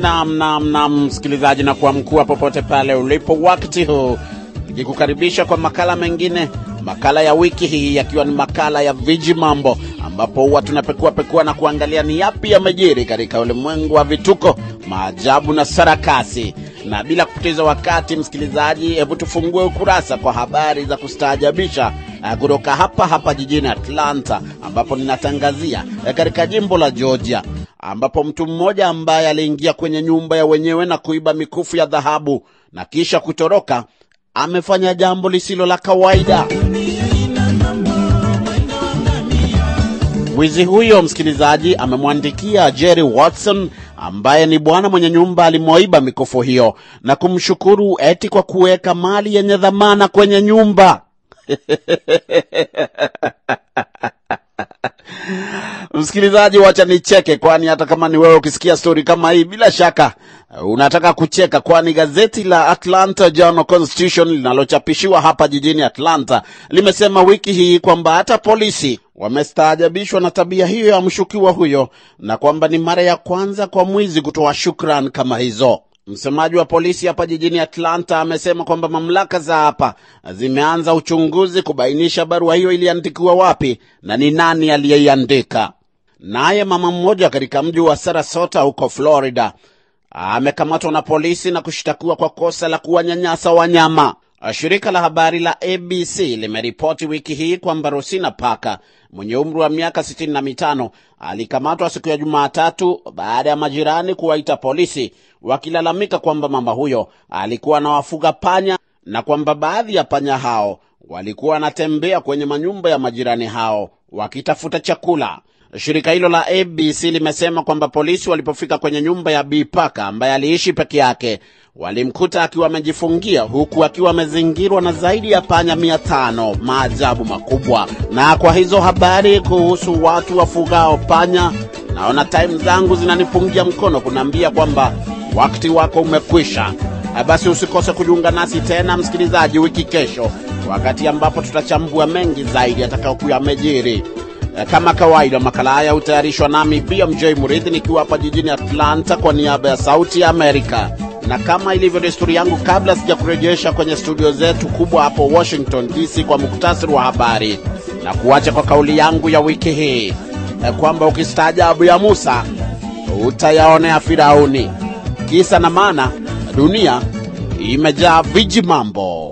nam nam nam msikilizaji na kuamkua popote pale ulipo wakati huu nikikukaribisha kwa makala mengine, makala ya wiki hii yakiwa ni makala ya viji mambo, ambapo huwa tunapekua pekua na kuangalia ni yapi yamejiri katika ulimwengu wa vituko, maajabu na sarakasi. Na bila kupoteza wakati, msikilizaji, hebu tufungue ukurasa kwa habari za kustaajabisha eh, kutoka hapa hapa jijini Atlanta, ambapo ninatangazia eh, katika jimbo la Georgia ambapo mtu mmoja ambaye aliingia kwenye nyumba ya wenyewe na kuiba mikufu ya dhahabu na kisha kutoroka amefanya jambo lisilo la kawaida. Mwizi huyo, msikilizaji, amemwandikia Jerry Watson ambaye ni bwana mwenye nyumba alimoiba mikufu hiyo na kumshukuru eti kwa kuweka mali yenye dhamana kwenye nyumba Msikilizaji, wacha nicheke, kwani hata kama ni wewe ukisikia stori kama hii, bila shaka eh, unataka kucheka, kwani gazeti la Atlanta Journal Constitution linalochapishiwa hapa jijini Atlanta limesema wiki hii kwamba hata polisi wamestaajabishwa na tabia hiyo ya mshukiwa huyo na kwamba ni mara ya kwanza kwa mwizi kutoa shukran kama hizo. Msemaji wa polisi hapa jijini Atlanta amesema kwamba mamlaka za hapa zimeanza uchunguzi kubainisha barua hiyo iliandikiwa wapi na ni nani aliyeiandika. Naye mama mmoja katika mji wa Sarasota huko Florida amekamatwa na polisi na kushtakiwa kwa kosa la kuwanyanyasa wanyama. Shirika la habari la ABC limeripoti wiki hii kwamba Rosina Paka mwenye umri wa miaka 65 alikamatwa siku ya Jumatatu baada ya majirani kuwaita polisi wakilalamika kwamba mama huyo alikuwa anawafuga panya na kwamba baadhi ya panya hao walikuwa wanatembea kwenye manyumba ya majirani hao wakitafuta chakula. Shirika hilo la ABC limesema kwamba polisi walipofika kwenye nyumba ya Bi ambaye aliishi peke yake walimkuta akiwa amejifungia huku akiwa amezingirwa na zaidi ya panya mia tano. Maajabu makubwa. Na kwa hizo habari kuhusu watu wafugao panya, naona taimu zangu zinanipungia mkono kunaambia kwamba wakati wako umekwisha. Eh, basi usikose kujiunga nasi tena msikilizaji, wiki kesho, wakati ambapo tutachambua mengi zaidi atakayokuwa amejiri. Eh, kama kawaida, makala haya hutayarishwa nami BMJ Murithi nikiwa hapa jijini Atlanta kwa niaba ya Sauti ya Amerika, na kama ilivyo desturi yangu, kabla sijakurejesha kwenye studio zetu kubwa hapo Washington DC kwa muktasari wa habari, na kuacha kwa kauli yangu ya wiki hii eh, kwamba ukistaajabu ya Musa utayaonea Firauni. Kisa na maana, dunia imejaa viji mambo.